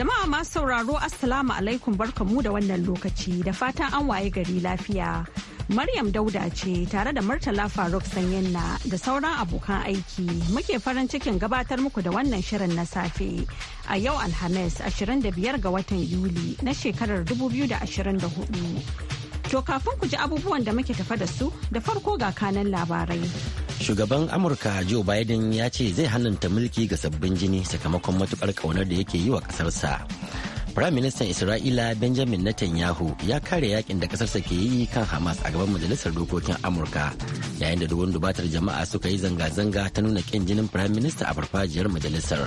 Jama'a masu sauraro Assalamu alaikum barkamu da wannan lokaci da fatan an waye gari lafiya. Maryam Dauda ce tare da Murtala Faruk sanyinna da sauran abokan aiki muke farin cikin gabatar muku da wannan shirin na safe a yau Alhamis 25 ga watan Yuli na shekarar 2024. To kafin ku ji abubuwan da muke tafa da su da farko ga kanan labarai. Shugaban Amurka Joe Biden ya ce zai hannunta mulki ga sabbin jini sakamakon matukar ƙaunar da yake yi wa kasarsa. Prime Minister Isra'ila Benjamin Netanyahu ya kare yakin da ƙasarsa ke yi kan Hamas a gaban Majalisar Dokokin Amurka yayin da dubun dubatar jama'a suka yi zanga-zanga ta nuna ƙin jinin Prime Minister a farfajiyar majalisar.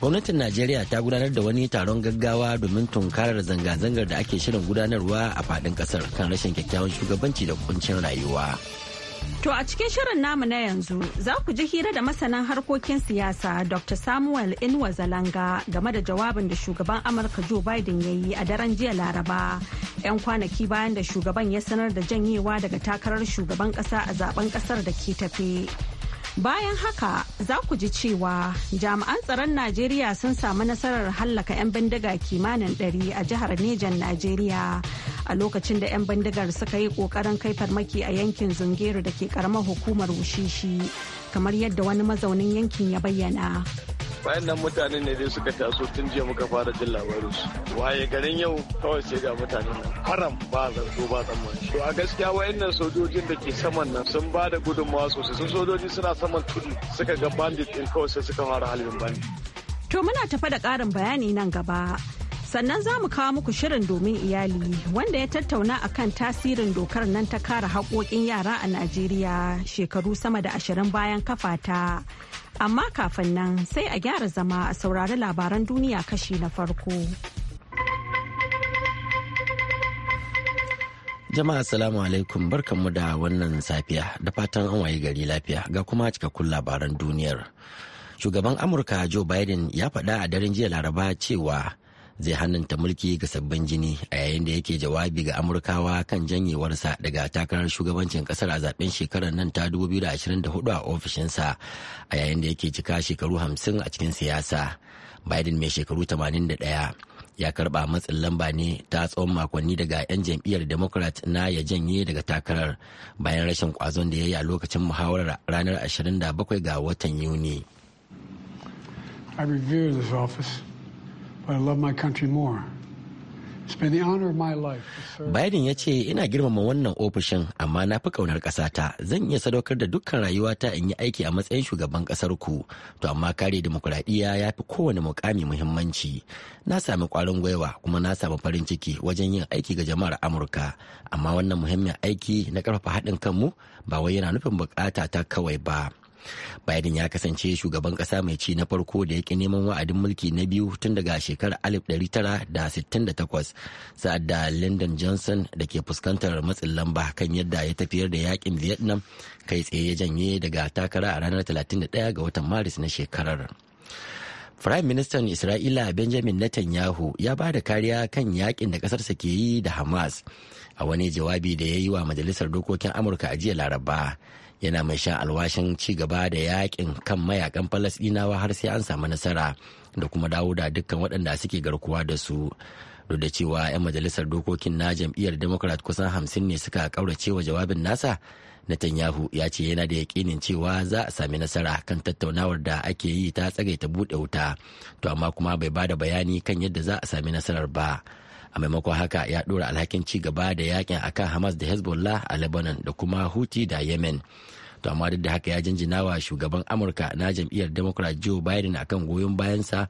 gwamnatin najeriya ta gudanar da wani taron gaggawa domin tunkarar zanga-zangar da ake shirin gudanarwa a fadin kasar kan rashin kyakkyawan shugabanci da kuncin rayuwa to a cikin shirin namu na yanzu za ku ji hira da masanan harkokin siyasa dr samuel inwa zalanga game da jawabin da shugaban amurka joe biden ya yi a daren jiya laraba 'yan kwanaki bayan da shugaban ya sanar da janyewa daga takarar shugaban kasa a zaben kasar da ke tafe Bayan haka za ku ji cewa jami'an tsaron Najeriya sun samu nasarar hallaka 'yan bindiga kimanin 100 a jihar Nejan Najeriya a lokacin da 'yan bindigar suka yi kokarin kai farmaki a yankin Zungeru da ke karamar hukumar Wushishi kamar yadda wani mazaunin yankin ya bayyana. wayannan mutane ne dai suka taso tun jiya muka fara jin labarin su waye garin yau kawai sai ga mutanen nan haram ba zato ba tsammani to a gaskiya wayannan sojojin da ke saman nan sun ba da gudunmawa sosai sun sojoji suna saman tudu suka ga bandit din kawai sai suka fara halin bandit to muna tafa da karin bayani nan gaba sannan za mu kawo muku shirin domin iyali wanda ya tattauna a kan tasirin dokar nan ta kare haƙoƙin yara a najeriya shekaru sama da ashirin bayan kafata amma kafin nan sai a gyara zama a saurari labaran duniya kashi na farko jama'a assalamu alaikum barkanmu da wannan safiya da fatan an waye gari lafiya ga kuma cikakkun labaran duniyar shugaban amurka joe biden ya faɗa a daren jiya laraba cewa zai hannunta mulki ga sabbin jini a yayin da yake jawabi ga amurkawa kan janyewarsa daga takarar shugabancin kasar a zaben shekarar nan ta 2024 a ofishinsa a yayin da yake cika shekaru 50 a cikin siyasa biden mai shekaru 81 ya karba matsin lamba ne ta tsawon makonni daga 'yan jam'iyyar democrat na ya janye daga takarar bayan rashin kwazon da ya yi a lokacin muhawarar ranar 27 ga watan yuni Biden ya ce ina girmama wannan ofishin amma na fi ƙaunar ƙasata zan iya sadaukar da dukkan rayuwata in yi aiki a matsayin shugaban ƙasar ku to amma kare demokuraɗiyya ya fi kowane mukami muhimmanci na sami ƙwarin gwiwa kuma na sami farin ciki wajen yin aiki ga jama'ar Amurka amma wannan muhimmin aiki na ƙarfafa haɗin kanmu ba wai yana nufin buƙata ta kawai ba. Biden ya kasance shugaban kasa mai ci na farko da yake neman wa'adin mulki na biyu tun daga shekarar 1968 sa'ad da Lyndon Johnson da ke fuskantar matsin lamba kan yadda ya tafiyar da yakin Vietnam kai tsaye ya janye daga takara a ranar 31 ga watan Maris na shekarar. Firayim Ministan Isra'ila Benjamin Netanyahu ya ba da kariya kan yakin da kasarsa ke yi da Hamas a wani jawabi da ya yi wa Majalisar Dokokin Amurka a jiya Laraba. yana mai shan alwashin ci gaba da yakin kan mayakan falasdinawa har sai an samu nasara da kuma dawo da dukkan waɗanda suke garkuwa da su duk da cewa 'yan majalisar dokokin na jam'iyyar democrat kusan hamsin ne suka kaurace wa jawabin nasa Netanyahu ya ce yana da yakinin cewa za a sami nasara kan tattaunawar da ake yi ta tsagaita buɗe wuta to amma kuma bai bada bayani kan yadda za a sami nasarar ba. a maimakon haka ya dora alhakin ci gaba da yakin akan hamas da hezbollah a lebanon da kuma huti da yemen to amma duk da haka ya jinjina wa shugaban amurka na jam'iyyar democrat joe biden akan goyon bayansa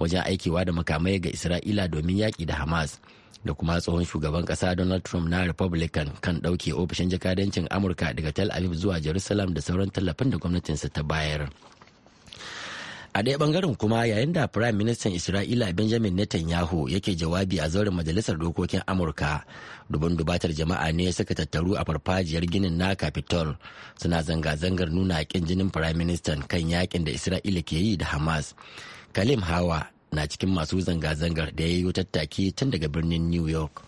wajen aikewa da makamai ga isra'ila domin yaki da hamas da kuma tsohon shugaban kasa donald trump na republican kan ɗauke ofishin jakadancin amurka daga tel aviv zuwa jerusalem da sauran tallafin da gwamnatinsa ta bayar. a ɗaya bangaren kuma yayin da firayim ministan isra'ila benjamin netanyahu yake jawabi a zauren majalisar dokokin amurka dubun dubatar jama'a ne suka tattaru a farfajiyar ginin na capitol suna zanga-zangar nuna yakin jinin firayim ministan kan yakin da isra'ila ke yi da hamas kalim hawa na cikin masu zanga-zangar da ya yi tattaki tun daga birnin new york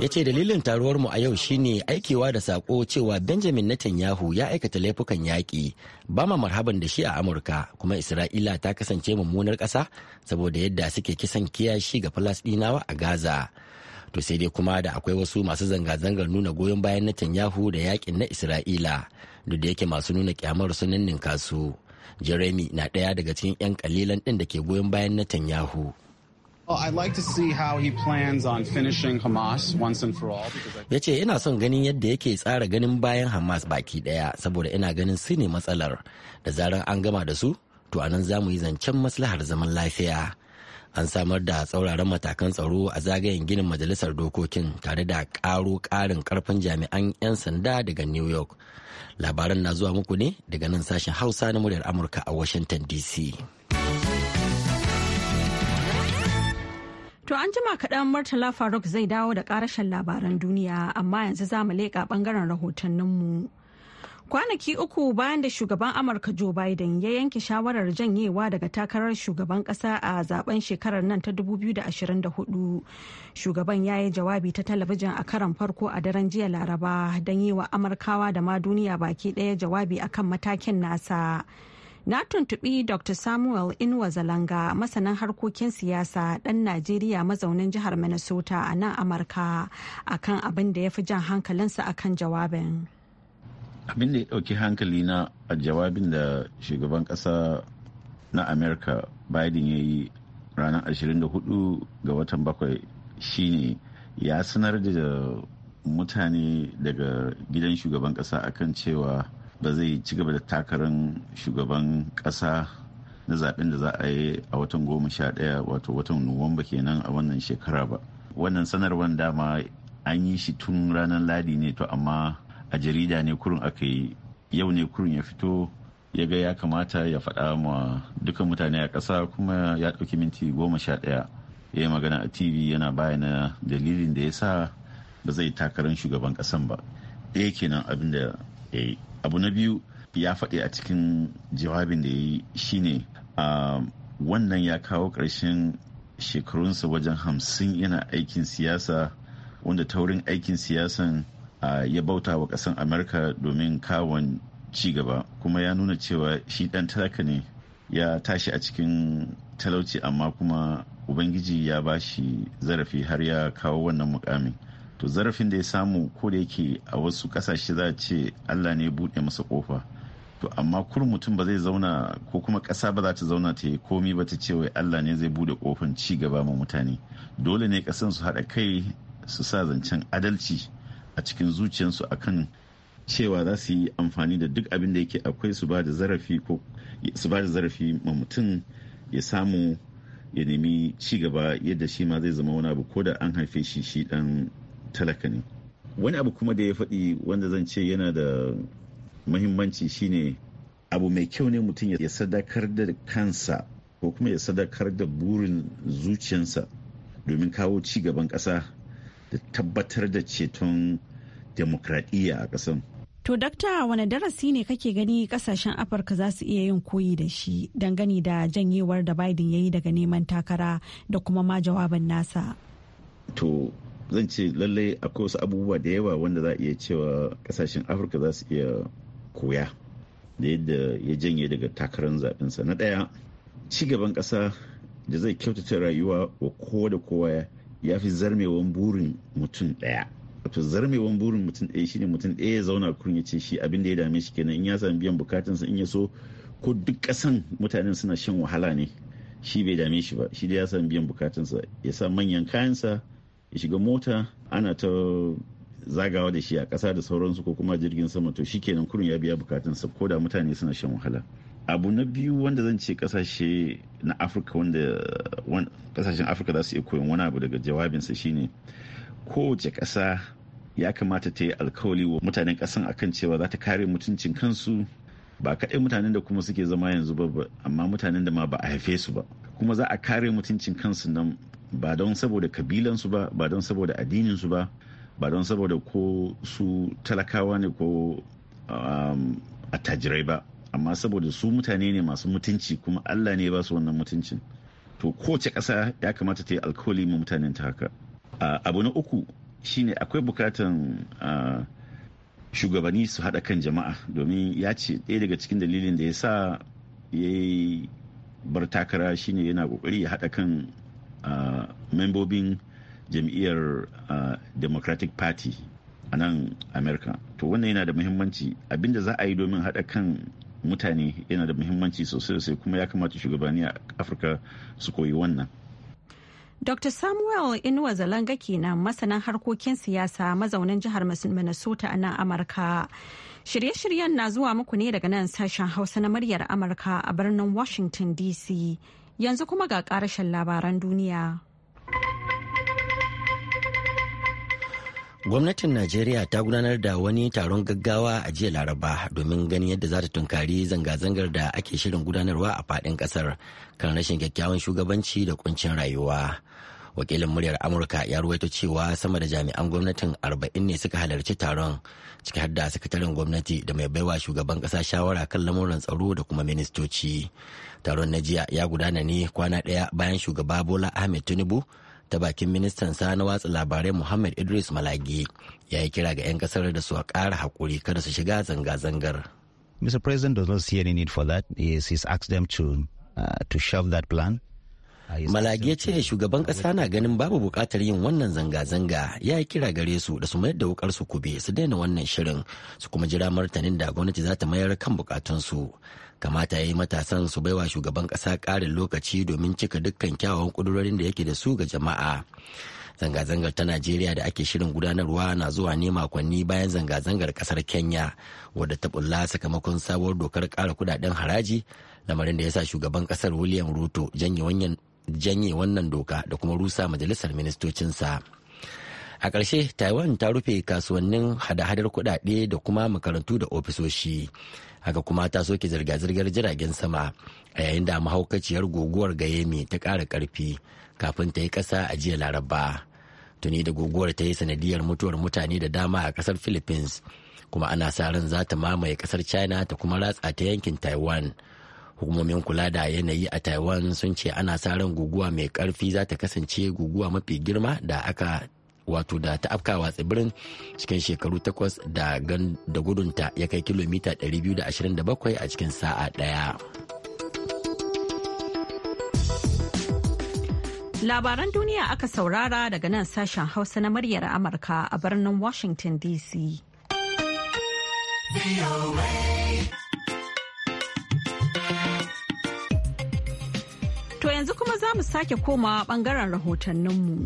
ya ce dalilin taruwarmu a yau shine aikewa da sako cewa benjamin netanyahu ya aikata laifukan yaƙi ba ma marhaban da shi a amurka kuma isra'ila ta kasance mummunar ƙasa saboda yadda suke kisan kiyashi ga falasɗinawa a gaza to sai dai kuma da akwai wasu masu zanga-zangar nuna goyon bayan netanyahu da yaƙin na isra'ila duk da yake masu nuna kyamar sunan ninninka Jeremy na ɗaya daga cikin 'yan kalilan ɗin da ke goyon bayan Netanyahu. Ya ce ina son ganin yadda yake tsara ganin bayan Hamas baki ɗaya saboda ina ganin su ne matsalar da zarar an gama da su to anan za mu yi zancen maslahar zaman lafiya. an samar da tsauraran matakan tsaro a zagayen ginin majalisar dokokin tare da karo karin karfin jami'an 'yan sanda daga new york labaran na zuwa muku ne daga nan sashen hausa na muryar amurka a washington dc To an jima kaɗan Murtala Faruk zai dawo da ƙarashen labaran duniya amma yanzu za mu leƙa ɓangaren rahotanninmu. mu. Kwanaki uku bayan da shugaban Amurka Joe Biden ya yanke shawarar janyewa daga takarar shugaban kasa a zaben shekarar nan ta 2024. Shugaban ya yi jawabi ta talabijin a karan farko a daren jiya Laraba don yi wa Amurkawa da ma duniya baki ɗaya jawabi akan matakin nasa. Na tuntubi Dr. Samuel Inuwa Zalanga masanin harkokin siyasa dan Najeriya mazaunin jihar Minnesota a nan Amurka akan abin da ya fi jan hankalinsa akan jawabin. abin da ya dauki hankali na a jawabin da shugaban kasa na america biden ya yi ranar 24 ga watan bakwai shine ya sanar da mutane daga gidan shugaban ƙasa akan cewa ba zai ci gaba da takarar shugaban kasa na zaben da za a yi a watan goma sha daya wato watan nuwamba kenan a wannan shekara ba wannan sanarwar dama an yi shi tun ranar ladi ne to amma a jarida ne kurin aka yi yau ne kurin ya fito ya ga ya kamata ya faɗa ma dukkan mutane a ƙasa kuma ya ɗauki minti goma sha ɗaya ya yi magana a tv yana bayana dalilin da ya sa ba zai takarar shugaban ƙasan ba ɗaya kenan abin da ya yi abu na biyu ya faɗi a cikin jawabin da ya yi shine wannan ya kawo ƙarshen shekarunsa wajen hamsin yana aikin siyasa wanda taurin aikin siyasan ya bauta wa kasan amurka domin kawon ci gaba kuma ya nuna cewa shi ɗan talaka ne ya tashi a cikin talauci amma kuma ubangiji ya ba shi zarafi har ya kawo wannan mukamin to zarafin da ya samu ko da yake a wasu kasashe za a ce allah ne buɗe masa kofa to amma kur mutum ba zai zauna ko kuma ƙasa ba za ta zauna ta yi komi ba ta ce wai allah ne zai buɗe kofin ci gaba ma mutane dole ne ƙasan su haɗa kai su sa zancen adalci a cikin zuciyarsu kan cewa za su yi amfani da duk abin da yake akwai su ba da zarafi ma mutum ya samu ya nemi ci gaba yadda shi ma zai zama wani abu ko da an haife shi shi dan talaka ne wani abu kuma da ya faɗi wanda zan ce yana da mahimmanci shine abu mai kyau ne mutum ya sadakar da kansa ko kuma ya sadakar da burin zuciyarsa domin kawo ci gaban ƙasa da tabbatar da ceton demokradiyya a ƙasar To dakta wani darasi ne kake gani kasashen Afirka za su iya yin koyi da shi dangane da janyewar da Biden ya yi daga neman takara da kuma ma jawabin nasa. To zan ce lallai akwai wasu abubuwa da yawa wanda za a iya cewa kasashen Afirka za su iya koya da yadda ya janye daga takarar zaɓensa. Na ɗaya, ci gaban ƙasa da zai kyautata rayuwa wa kowa da kowa ya fi zarmewan burin mutum ɗaya wato zarmewan burin mutum ɗaya shine mutum ɗaya ya zauna kurin ya ce shi abin da ya dame shi kenan in ya sami biyan bukatunsa in ya so ko duk ƙasan mutanen suna shan wahala ne shi bai dame shi ba shi da ya sami biyan bukatunsa ya sa manyan kayansa ya shiga mota ana ta zagawa da shi a ƙasa da sauransu ko kuma jirgin sama to shi kenan kurin ya biya bukatunsa ko da mutane suna shan wahala abu na biyu wanda zan ce kasashe na afirka wanda kasashen afirka za su iya koyon wani abu daga jawabinsa shine kowace kasa ya kamata ta yi alkawali wa mutanen ƙasan kan cewa za ta kare mutuncin kansu ba kaɗai mutanen da kuma suke zama yanzu ba amma mutanen da ma ba a haife su ba kuma za a kare mutuncin kansu nan ba don saboda kabilansu ba ba don saboda addininsu ba ba don saboda ko su talakawa ne ko um, attajirai ba amma saboda su mutane ne masu mutunci kuma allah ne ya ba su wannan mutuncin to kowace kasa ya kamata ta yi alkawali ma mutanen ta haka abu na uku shine akwai bukatan shugabanni su haɗa kan jama'a domin ya ce ɗaya daga cikin dalilin da ya sa ya yi bar takara shine yana kokari ya haɗa kan membobin jam'iyyar democratic party a nan america to wannan yana da muhimmanci abinda za a yi domin haɗa kan mutane yana da muhimmanci sosai sai kuma ya kamata shugabanni a afirka su koyi wannan Dr. Samuel Inuwa Zalanga kenan masanan harkokin siyasa mazaunin jihar Minnesota a nan Amurka. Shirye-shiryen na zuwa muku ne daga nan sashen Hausa na muryar Amurka a birnin Washington DC. Yanzu kuma ga ƙarashin labaran duniya. Gwamnatin Najeriya ta gudanar da wani taron gaggawa a jiya Laraba domin ganin yadda za ta tunkari zanga-zangar da ake shirin gudanarwa a faɗin ƙasar kan rashin kyakkyawan shugabanci da kuncin rayuwa. Wakilin muryar Amurka ya ruwaito cewa sama da jami'an gwamnatin arba'in ne suka halarci taron ciki har da sakataren gwamnati da mai baiwa shugaban ƙasa shawara kan lamuran tsaro da kuma ministoci. Taron na jiya ya gudana ne kwana ɗaya bayan shugaba Bola Ahmed Tinubu ta bakin ministan sa na watsa labarai muhammad idris malagi ya yi kira ga 'yan kasar da su a kara hakuri kada su shiga zanga-zangar mr president does not see any need for that he has asked them to uh, to shelve that plan uh, Malagi ya ce shugaban kasa na ganin babu bukatar yin wannan zanga-zanga ya yi kira gare su da su mayar da wukar su kube su daina wannan shirin su kuma jira martanin da gwamnati za ta mayar kan bukatunsu. su kamata ya yi matasan su baiwa shugaban kasa karin lokaci domin cika dukkan kyawawan kudurorin da yake da su ga jama'a zanga-zangar ta najeriya da ake shirin gudanarwa na zuwa ne makonni bayan zanga-zangar kasar kenya wadda ta bulla sakamakon sabuwar dokar ƙara kudaden haraji lamarin da ya sa shugaban kasar william ruto janye wannan doka da kuma rusa majalisar ministocinsa. a ƙarshe taiwan ta rufe kasuwannin hada-hadar kuɗaɗe da kuma makarantu da ofisoshi haka kuma ta soke zirga-zirgar jiragen sama a yayin da mahaukaciyar guguwar gayemi ta ƙara karfi kafin ta yi ƙasa a jiya laraba tuni da guguwar ta yi sanadiyar mutuwar mutane da dama a ƙasar philippines kuma ana sa ran za ta mamaye ƙasar china ta kuma ratsa ta yankin taiwan hukumomin kula da yanayi a taiwan sun ce ana sa ran guguwa mai karfi za ta kasance guguwa mafi girma da aka wato da ta afkawa tsibirin cikin shekaru takwas da gudunta ya kai kilomita 227 a cikin sa'a ɗaya. Labaran duniya aka saurara daga nan sashen Hausa na muryar Amurka a birnin Washington DC. To yanzu kuma za mu sake komawa bangaren rahotanninmu.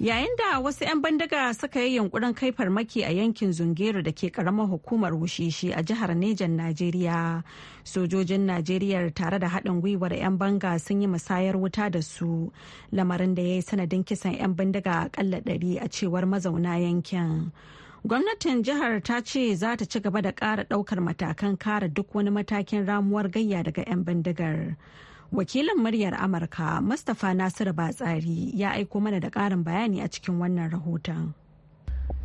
Yayin da wasu 'yan bandaga suka yi yunkurin kai farmaki a yankin Zungeru da ke karamar hukumar Wushishi a jihar Nejan Najeriya, sojojin Najeriya tare da haɗin gwiwar 'yan banga sun yi musayar wuta da su, lamarin da ya yi sanadin kisan 'yan bandaga akalla ɗari a cewar mazauna yankin. Gwamnatin jihar ta ce za ta ci gaba da ƙara ɗaukar matakan kare duk wani matakin ramuwar gayya daga 'yan bindigar. wakilin muryar amurka mustapha nasiru batsari ya aiko mana da ƙarin bayani a cikin wannan rahoton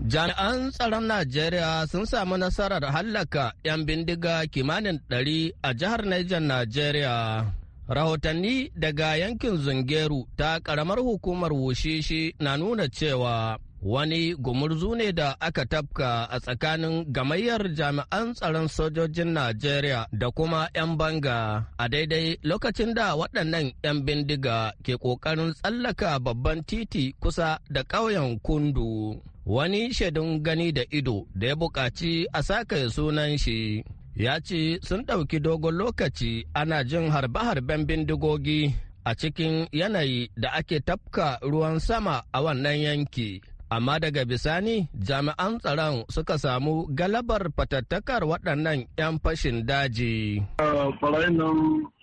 jami'an tsaron najeriya sun samu nasarar hallaka 'yan bindiga kimanin 100 a jihar niger najeriya rahotanni daga yankin zungeru ta karamar hukumar wushishi na nuna cewa wani gumurzu ne da aka tafka a tsakanin gamayyar jami'an tsaron sojojin Najeriya da kuma 'yan banga a daidai lokacin da waɗannan 'yan bindiga ke ƙoƙarin tsallaka babban titi kusa da ƙauyen Kundu. Wani shaidun gani da ido da ya buƙaci a saka sunan shi. Ya ce sun ɗauki dogon lokaci ana jin harbe-harben bindigogi a cikin yanayi da ake tafka ruwan sama a wannan yanki. amma daga bisani jami'an tsaron suka samu galabar fatattakar waɗannan 'yan fashin daji. Ah,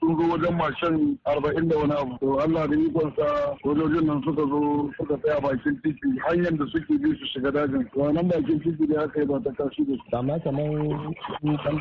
sun zo wajen mashin arba'in da wani abu. Allah da ikonsa sojojin nan suka zo suka tsaya bakin titi hanyar da suke bi su shiga dajin. Wannan bakin titi da aka yi ba ta kashi da su. Amma kamar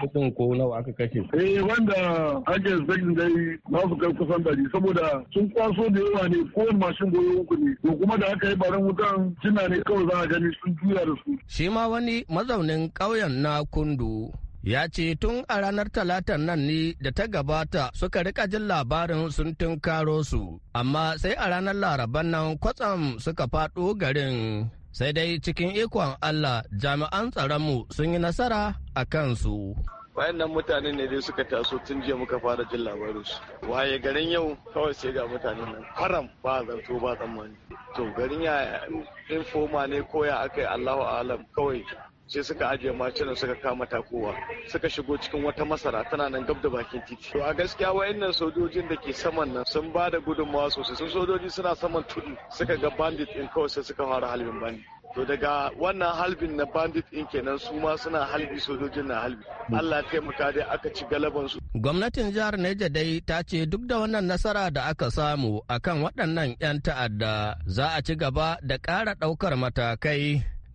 su kan ko nawa aka kashe. Eh wanda ake zagin dai na su kai kusan dari saboda sun kwaso da yawa ne kowane mashin goyo uku ne. To kuma da aka yi barin wutan jina ne kawai za a gani sun juya da su. Shi ma wani mazaunin ƙauyen na Kundu ya ce tun a ranar Talata nan ne da ta gabata suka rika jin labarin sun tunkaro su amma sai a ranar laraban nan kwatsam suka faɗo garin sai dai cikin ikon allah jami'an tsaronmu sun yi nasara a kansu wayannan mutane ne dai suka taso tun jiya muka fara jin labarin su waye garin yau kawai sai ga mutanen nan haram ba zato ba tsammani to garin ya informa ne koya aka yi allahu alam kawai sai suka ajiye macinan suka kama takowa suka shigo cikin wata masara tana nan gab da bakin titi to a gaskiya wayannan sojojin da ke saman nan sun ba da gudunmawa sosai sun sojoji suna saman tudu suka ga bandit in kawai sai suka fara halbin bandit to daga wannan halbin na bandit in kenan su ma suna halbi sojojin na halbi Allah taimaka dai aka ci galaban su gwamnatin jihar Neja dai ta ce duk da wannan nasara da aka samu akan waɗannan 'yan ta'adda za a ci gaba da ƙara ɗaukar matakai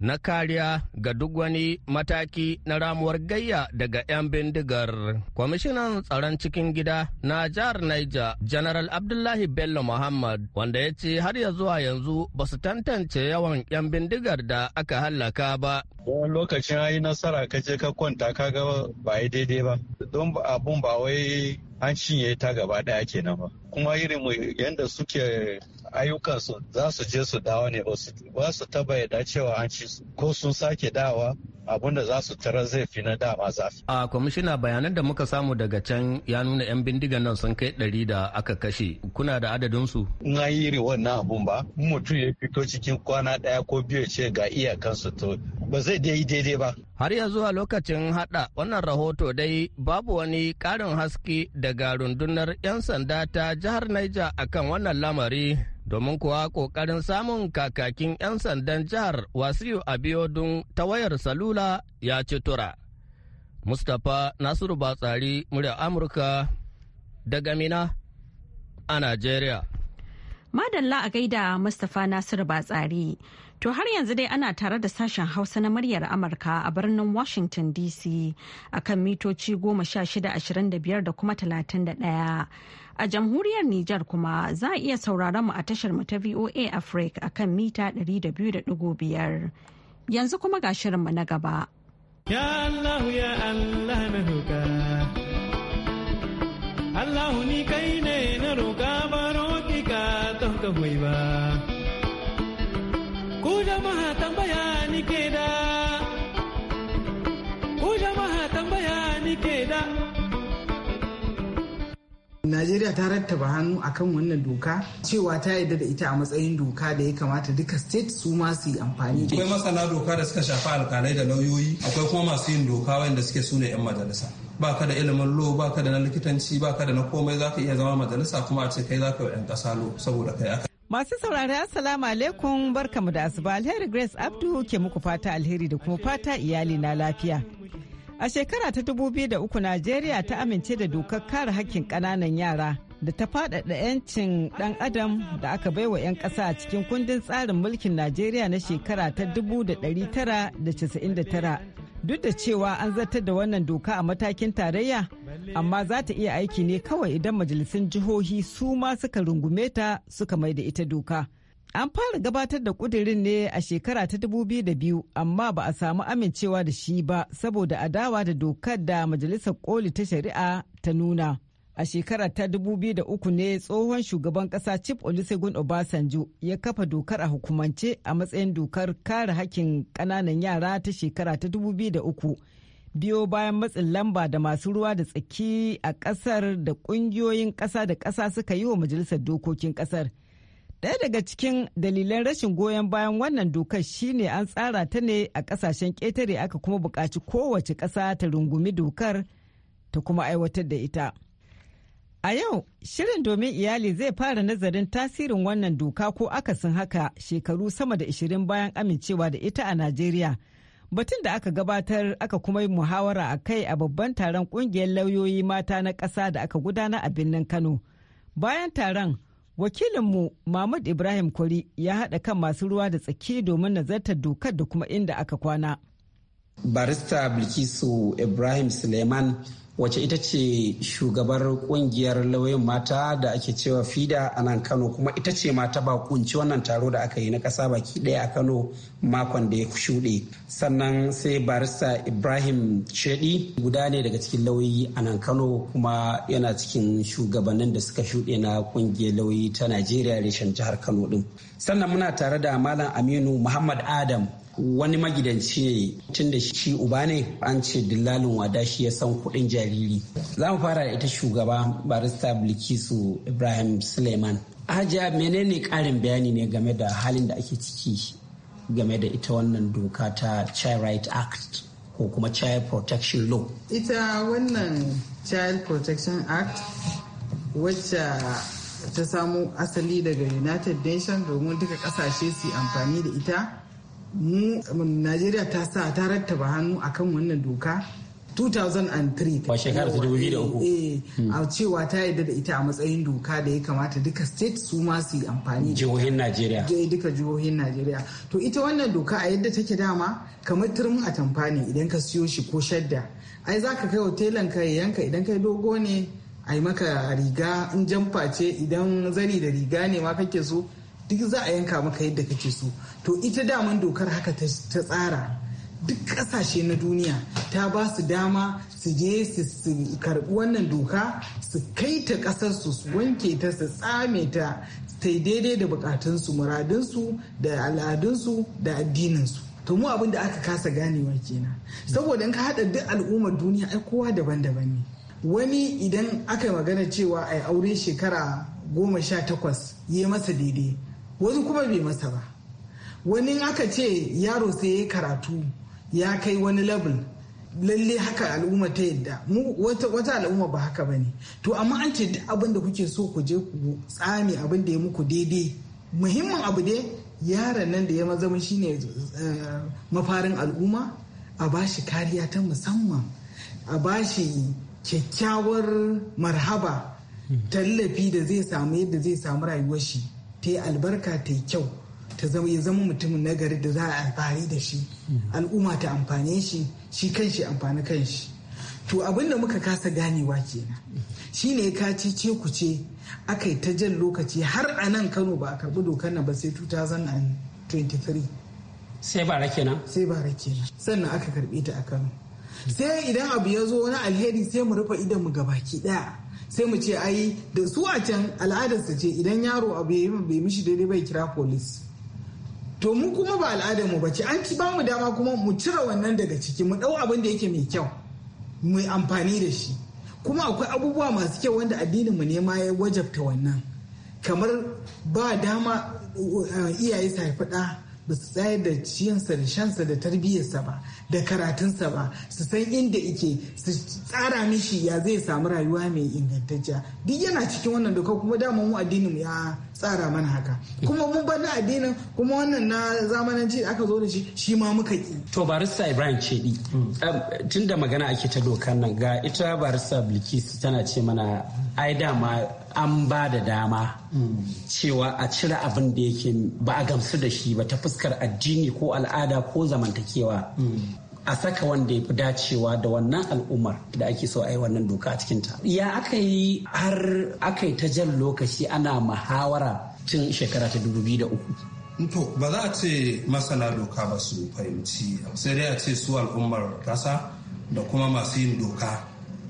na kariya ga duk wani mataki na ramuwar gayya daga 'yan bindigar. Kwamishinan tsaron cikin gida na jihar Niger, General Abdullahi Bello Muhammad, wanda ya ce har ya zuwa yanzu ba su tantance yawan 'yan bindigar da aka hallaka ba. Wani lokacin yi nasara ka je ka kwanta ka ga ba daidai ba. Don abun ba wai an cinye ta gaba daya kenan ba kuma irin mu yanda suke ayyukansu su za su je su dawo ne ba su taba yadda cewa an ci su ko sun sake dawa abinda za su tara zai fi na dama zafi. A kwamishina bayanan da muka samu daga can ya nuna 'yan bindigan nan sun kai ɗari da aka kashe. Kuna da adadinsu? In an yi iri wannan abun ba, mutum ya fito cikin kwana ɗaya ko biyu ce ga iyakansu to ba zai dai daidai ba. Har ya zuwa lokacin hada wannan rahoto dai babu wani ƙarin haske daga rundunar 'yan sanda ta jihar Niger akan wannan lamari domin kuwa ƙoƙarin samun kakakin 'yan sandan jihar wasiyu abiodun ta wayar salula ya ci tura. Mustapha Nasiru Batsari murya Amurka daga Mina a Najeriya. Madalla a gaida Mustapha Nasiru Batsari. To har yanzu dai ana tare da sashen Hausa na muryar Amurka a birnin Washington DC a kan mitoci goma sha da biyar da kuma talatin A jamhuriyar Nijar kuma za a iya sauraron mu a tashar mu ta VOA Africa a kan mita 200.5. Yanzu kuma ga shirinmu na gaba. Ya Allah ya Allah na roƙa. Allah ni kai ne na roƙa ba roƙi ka ta ka ba. Ku jama'a tambaya ni ke da Najeriya ta rattaba hannu akan wannan doka cewa ta yarda da ita a matsayin doka da ya kamata duka state su ma yi amfani. da. Akwai masana doka da suka shafi alkalai da lauyoyi akwai kuma masu yin doka wanda suke su ne 'yan majalisa. ba ka da ilimin lo ba ka da na likitanci ba ka da na komai za ka iya zama majalisa kuma a ce kai za ka yi 'yan ƙasa lo saboda kai aka. Masu saurari Assalamu alaikum barkamu da asuba alheri Grace Abdu ke muku fata alheri da kuma fata iyali na lafiya. A shekara ta dubu biyu da 2003 Najeriya ta amince da dokar kare hakkin ƙananan yara da ta faɗaɗa 'yancin ɗan adam da aka baiwa 'yan ƙasa a cikin kundin tsarin mulkin Najeriya na shekara ta casa'in 1999. Duk da cewa an zartar da wannan doka a matakin tarayya, amma za ta iya aiki ne kawai idan majalisun jihohi su ma suka rungume ta suka mai da ita doka. An fara gabatar da kudirin ne a shekara ta 2002 amma ba a samu amincewa da shi ba saboda adawa da dokar da Majalisar Koli ta Shari'a ta nuna. A shekara ta 2003 ne tsohon shugaban kasa Chief Olusegun Obasanjo ya kafa dokar a hukumance a matsayin dokar kare hakkin kananan yara ta shekara ta 2003. biyo bayan matsin lamba da masu ruwa da tsaki a kasar da kungiyoyin kasa da kasa suka yi wa majalisar dokokin ƙasar. Daya daga cikin dalilan rashin goyon bayan wannan dokar shine an tsara ta ne a kasashen ƙetare aka kuma buƙaci kowace ƙasa ta rungumi dokar ta kuma aiwatar da ita. A yau, shirin domin iyali zai fara nazarin tasirin wannan doka ko akasin haka shekaru sama da 20 bayan amincewa da ita a Najeriya. Batun da aka gabatar aka kuma yi muhawara a kai a babban taron ƙungiyar lauyoyi mata na ƙasa da aka gudana a birnin Kano. Bayan taron, wakilinmu mahmud ibrahim kwari ya haɗa kan masu ruwa da tsaki domin nazartar dokar da kuma inda aka kwana barista bilkisu ibrahim suleiman wace ita ce shugabar kungiyar lauyan mata da ake cewa fida a nan kano kuma ita ce mata ba kunci wannan taro da aka yi na kasa baki ɗaya a kano makon da ya shuɗe sannan sai barista ibrahim shedi guda ne daga cikin lauyi a nan kano kuma yana cikin shugabannin da suka shuɗe na kungiyar lauyi ta najeriya reshen jihar kano din sannan muna tare da malam aminu muhammad adam wani magidanci ne tun da shi uba ne an ce dillalin wada shi ya san kuɗin jariri za mu fara da ita shugaba barista bilkisu ibrahim suleiman hajiya menene ƙarin bayani ne game da halin da ake ciki game da ita wannan doka ta child right act ko kuma child protection law ita wannan child protection act wacce ta samu asali daga united nations domin duka kasashe su amfani da ita mu najeriya ta sa ta rattaba hannu akan wannan doka 2003 ba shekarar ta uku. Eh, hmm. a cewa ta yarda da ita a matsayin doka da ya kamata duka state su ma su yi amfani jihohin najeriya duka jihohin najeriya to ita wannan doka a yadda take dama kamar turmin atamfa ne idan ka siyo shi ko shadda ai za ka kai wa telan ka yanka idan kai dogo ne a yi maka riga in jamfa ce idan zani da riga ne ma kake so duk za a yanka maka yadda kake so to ita daman dokar haka ta tsara duk kasashe na duniya ta ba su dama su je su karbi wannan doka su kai ta kasar su wanke ta su tsame ta ta daidai da bukatunsu muradunsu da al'adunsu da addininsu to mu abin da aka kasa ganewa kenan saboda in ka hada duk al'ummar duniya ai kowa daban-daban ne wani idan aka magana cewa ai aure shekara goma sha takwas ya masa daidai wani kuma bai masa ba wani aka ce yaro sai ya karatu ya kai wani level lalle haka al'umma ta yadda mu wata al'umma ba haka bane to amma an ce duk abin da kuke so ku je ku tsame abin da ya muku daidai muhimman abu dai yaron nan da ya maza mun shine eh, mafarin al'umma a bashi kariya ta musamman a bashi kyakkyawar marhaba hmm. tallafi da zai samu yadda zai samu rayuwar shi ta yi albarka ta yi kyau ta zama ya zama mutumin nagari da za a amfani da shi al'umma ta amfane shi shi kan shi amfani kan shi to abin da muka kasa ganewa kenan shine ka ce ce ku ce aka yi ta jan lokaci har a nan kano ba a karbi dokar nan ba sai 2023 sai bara kenan sai bara kenan sannan aka karɓe ta a kano sai idan abu ya zo wani alheri sai mu rufe idan mu gabaki daya sai mu ce ai da su a can al'adarsa ce idan yaro abu ya bai mishi daidai bai kira polis to mu kuma ba al'adar mu bace an ci ba mu dama kuma mu cire wannan daga ciki mu dau abin da yake mai kyau mu amfani da shi kuma akwai abubuwa masu kyau wanda addinin mu ne ma ya wajabta wannan kamar ba dama uh, uh, iyaye su haifi ba su tsayar da ciyansa da shansa da tarbiyyarsa ba da karatunsa ba su san inda ike su tsara mishi ya zai samu rayuwa mai ingantacciya duk yana cikin wannan doka kuma dama mu addinin ya tsara mana haka kuma mun bar na addinin kuma wannan na zamananci da aka zo da shi shi ma muka yi to barista ibrahim cedi um, tun da magana ake ta dokar nan ga ita barista bilkis tana ce mana ai dama an ba da dama cewa a cire abin da yake ba a gamsu da shi ba ta fuskar addini ko al'ada ko zamantakewa a saka wanda ya fi dacewa da wannan al'ummar da ake so a yi wannan doka a cikinta ya aka yi har aka yi ta jan lokaci ana muhawara tun shekara ta uku. to ba za a ce masana doka ba su fahimci sai dai a ce su al'ummar kasa da kuma masu yin doka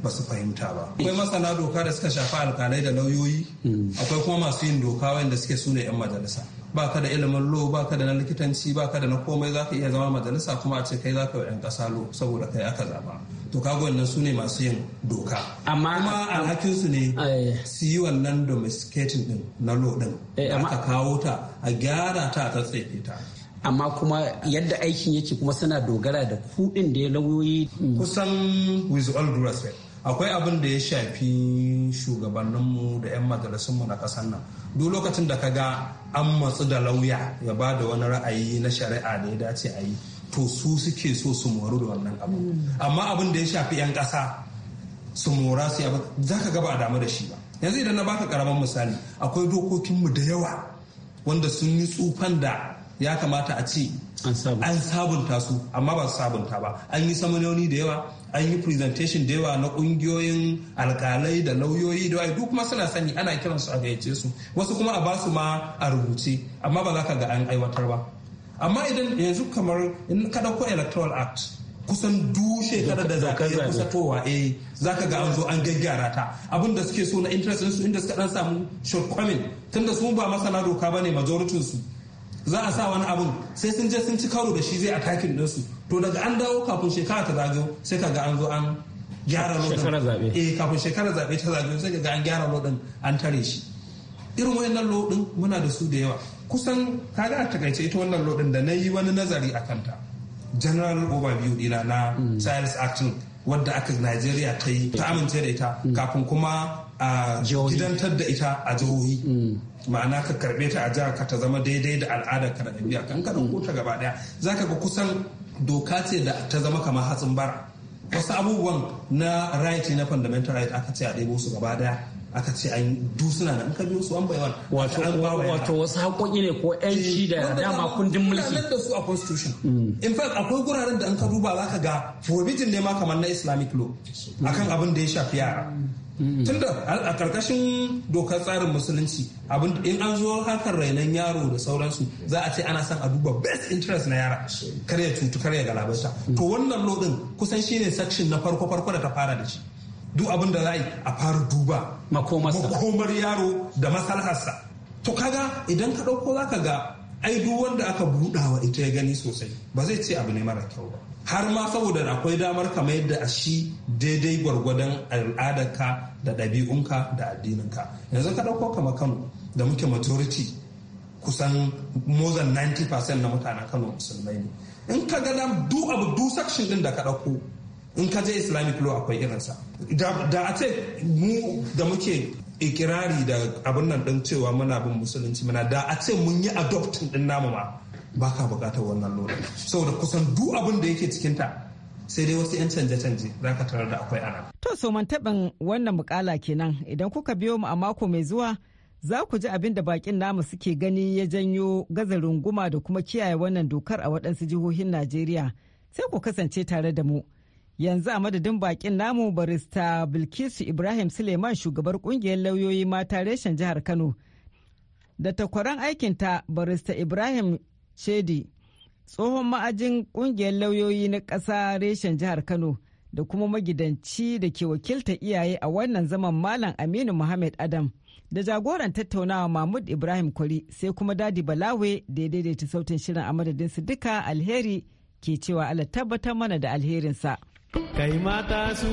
ba su fahimta ba. Akwai masana doka da suka shafi alkalai da lauyoyi, mm. akwai kuma masu yin doka wanda suke su ne 'yan majalisa. baka da ilimin lo baka da na likitanci baka da na komai zaka iya zama majalisa kuma a ce kai zaka yan kasa lo saboda kai aka zaba to kaga wannan su ne masu yin doka amma kuma alhakin su ne su yi wannan domesticating din na lo din aka kawo ta a gyara ta a tsatsefe ta amma kuma yadda aikin yake kuma suna dogara da kuɗin da ya lauyoyi kusan with all due respect akwai abin da ya shafi shugabanninmu da 'yan majalisunmu na ƙasar nan duk lokacin da ka ga an matsu da lauya ya ba da wani ra'ayi na shari'a da ya dace a yi to su suke so su moru da wannan abu hmm. amma abin da ya shafi 'yan ƙasa su mora su yaba za ka gaba a damu da shi ba yanzu idan na baka karaman misali akwai dokokinmu da yawa wanda sun yi tsufan da ya kamata a ce an sabunta su amma ba su sabunta ba an yi samanoni da yawa an yi presentation da yawa na kungiyoyin alkalai da lauyoyi da yawa duk kuma suna sani ana kiran su a gayyace su wasu kuma a basu ma a rubuce amma ba za ka ga an aiwatar ba amma idan yanzu kamar in ka dauko electoral act kusan duk kada da zaɓe ya kusa towa eh za ka ga an zo an gaggara ta abin da suke so na interest su inda suka dan samu shortcoming tunda su ba masana doka bane majority su za a sa wani abun sai sun je sun ci karo da shi zai a takin ɗinsu to daga an dawo kafin shekara ta zagayo sai ka ga an zo an gyara lodin eh kafin shekara zaɓe ta zagayo sai ka ga an gyara lodin an tare shi irin wayannan lodin muna da su da yawa kusan kaga a takaice ita wannan lodin da na yi wani nazari a kanta general overview dina na mm. science action wadda aka Najeriya ta yi ta amince da ita mm. kafin kuma a gidantar da ita a jihohi mm. ma'ana ka karbe ta a jihar ka ta zama daidai da al'adar ka da ɗabi'a kan ka ɗauko ta gaba ɗaya ka ga kusan doka ce da ta zama kamar hatsin bara wasu abubuwan na right na fundamental right aka ce a ɗebo su gaba ɗaya aka ce an dusuna da aka biyo su an baiwan wato wato wasu haƙoƙi ne ko yanci eh, da dama kundin mulki nan da su a constitution mm. in fact akwai guraren da an ka duba zaka ga forbidden ne ma kamar na islamic law mm. akan abin da ya shafi yara tunda a karkashin dokar tsarin musulunci abin in an zo harkar rainon yaro da sauransu za a ce ana san a duba best interest na yara kar ya cutu kar ya galabaita to wannan lodin kusan shine section na farko farko da ta fara da shi duk abin da za a yi a fara duba makomar yaro da masalharsa to kaga idan ka ɗauko ka ga ai duk wanda aka buɗawa ita ya gani sosai ba zai ce abu ne mara kyau ba har ma saboda akwai damar ka mayar da shi daidai gwargwadon al'adarka da ɗabi'unka da addininka yanzu ka ɗauko kama kano da muke majority kusan more than 90% na mutanen kano musulmai ne in ka ga du abu du section din da ka ɗauko in ka je islamic law akwai irinsa da a ce mu da muke ikirari da abin nan ɗin cewa muna bin musulunci muna da a ce mun yi adoptin ɗin namu ma ba ka buƙatar wannan lodin saboda kusan duk abin da yake cikinta sai dai wasu 'yan canje-canje za ka tarar da akwai ana. To so man taɓin wannan mukala kenan idan kuka biyo mu a mako mai zuwa za ku ji abin da bakin namu suke gani ya janyo gaza runguma da kuma kiyaye wannan dokar a waɗansu jihohin Najeriya sai ku kasance tare da mu. yanzu a madadin bakin namu barista bilkisu ibrahim suleiman shugabar kungiyar lauyoyi mata reshen jihar kano da takwaran aikinta barista ibrahim shedi tsohon ma'ajin kungiyar lauyoyi na ƙasa reshen jihar kano da kuma magidanci da ke wakilta iyaye a wannan zaman malam aminu muhammad adam da jagoran tattaunawa mahmud ibrahim kwari sai kuma dadi balawe da ya daidaita sautin shirin a madadin su duka alheri ke cewa ala tabbatar mana da alherinsa kai mata su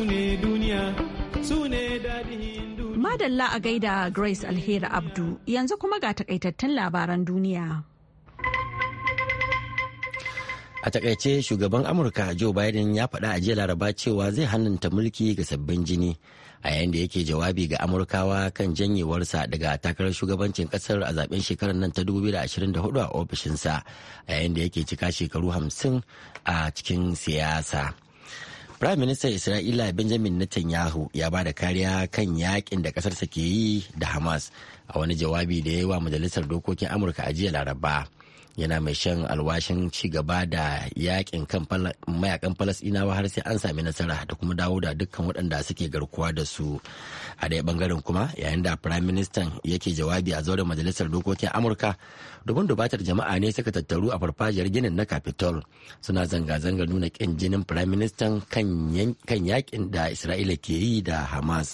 madalla a gaida grace alheri abdu yanzu kuma ga takaitattun labaran duniya A takaice shugaban Amurka Joe Biden ya faɗa a jiya laraba cewa zai hannunta mulki ga sabbin jini a yayin da yake jawabi ga Amurkawa kan janyewarsa daga takarar shugabancin kasar a zaben shekarar nan ta 2024 a ofishinsa a yayin da yake cika shekaru 50 a cikin siyasa. Prime Minister Isra'ila Benjamin Netanyahu ya ba da kariya kan yakin da kasarsa ke yi da Hamas a wani jawabi da ya yi wa Majalisar Dokokin Amurka a jiya Laraba. yana mai shan alwashin ci gaba da yakin kan mayakan falasɗinawa har sai an sami nasara da kuma dawo da dukkan waɗanda suke garkuwa da su a ɗaya bangaren kuma yayin da prime minister yake jawabi a zauren majalisar dokokin amurka domin dubatar jama'a ne suka tattaru a farfajiyar ginin na capitol suna zanga-zanga nuna ƙin jinin prime minister kan yakin da isra'ila ke yi da hamas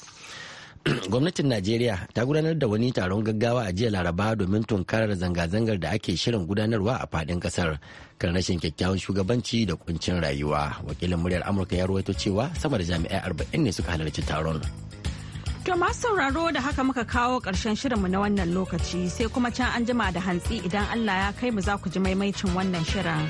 gwamnatin najeriya ta gudanar da wani taron gaggawa a jiya laraba domin tunkarar zanga-zangar da ake shirin gudanarwa a fadin kasar kan rashin kyakkyawan shugabanci da kuncin rayuwa wakilin muryar amurka ya ruwaito cewa sama da jami'ai arba'in ne suka halarci taron To masu sauraro da haka muka kawo ƙarshen shirinmu na wannan lokaci sai kuma can an jima da hantsi idan Allah ya kai mu za ku ji maimaicin wannan shirin.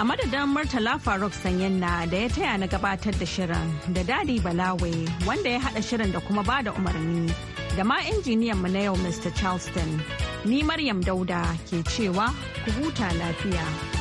a madadin Murtala Faruk na da ya taya na gabatar da shirin da Dadi Balawe wanda ya haɗa shirin da kuma bada umarni da ma injiniyan mu na yau Mr. Charleston. Ni Maryam Dauda ke cewa ku huta lafiya.